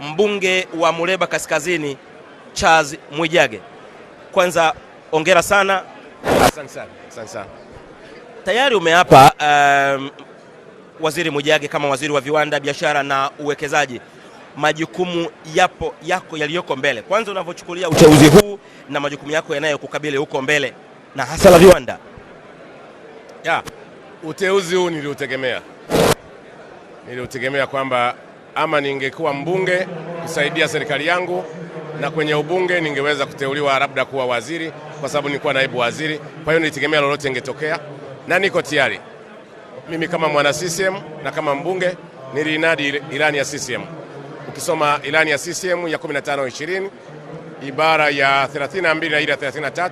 mbunge wa Muleba Kaskazini Charles Mwijage. Kwanza ongera sana. Asante sana. Asante sana. Tayari umeapa um, Waziri Mwijage kama waziri wa viwanda, biashara na uwekezaji, majukumu yapo yako yaliyoko mbele. Kwanza unavyochukulia uteuzi huu na majukumu yako yanayokukabili huko mbele na hasa la viwanda. Ya, uteuzi huu niliutegemea, niliutegemea kwamba ama ningekuwa mbunge kusaidia serikali yangu, na kwenye ubunge ningeweza kuteuliwa labda kuwa waziri, kwa sababu nilikuwa naibu waziri. Kwa hiyo nilitegemea lolote ingetokea, na niko tayari mimi kama mwana CCM na kama mbunge nilinadi ilani ya CCM. Ukisoma ilani ya CCM ya 15 20 ibara ya 32 na ile ya 33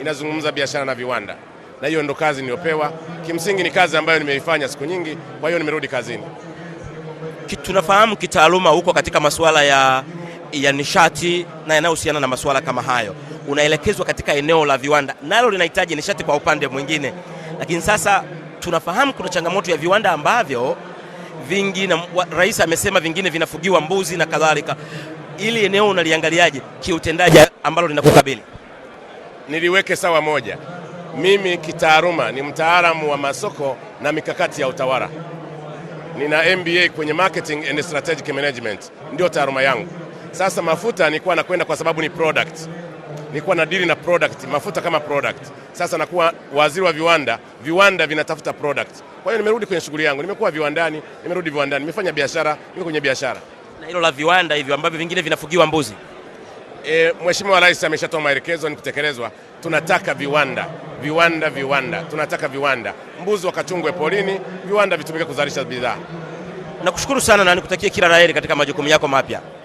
inazungumza biashara na viwanda, na hiyo ndo kazi niliyopewa. Kimsingi ni kazi ambayo nimeifanya siku nyingi, kwa hiyo nimerudi kazini tunafahamu kitaaluma huko katika masuala ya, ya nishati na yanayohusiana na masuala kama hayo, unaelekezwa katika eneo la viwanda, nalo linahitaji nishati kwa upande mwingine, lakini sasa tunafahamu kuna changamoto ya viwanda ambavyo vingi na rais amesema vingine vinafugiwa mbuzi na kadhalika. Ili eneo unaliangaliaje kiutendaji ambalo linakukabili? Niliweke sawa moja, mimi kitaaluma ni mtaalamu wa masoko na mikakati ya utawala nina MBA kwenye marketing and strategic management, ndio taaluma yangu. Sasa mafuta nilikuwa nakwenda kwa sababu ni product, nilikuwa na deal na product, mafuta kama product. Sasa nakuwa waziri wa viwanda, viwanda vinatafuta product. Kwa hiyo nimerudi kwenye shughuli yangu, nimekuwa viwandani, nimerudi viwandani, nimefanya biashara, niko kwenye biashara. Na hilo la viwanda hivyo ambavyo vingine vinafugiwa mbuzi E, Mheshimiwa Rais ameshatoa maelekezo ni kutekelezwa. Tunataka viwanda, viwanda, viwanda, tunataka viwanda, mbuzi wakachungwe porini, viwanda vitumike kuzalisha bidhaa. Nakushukuru sana na nikutakie kila la heri katika majukumu yako mapya.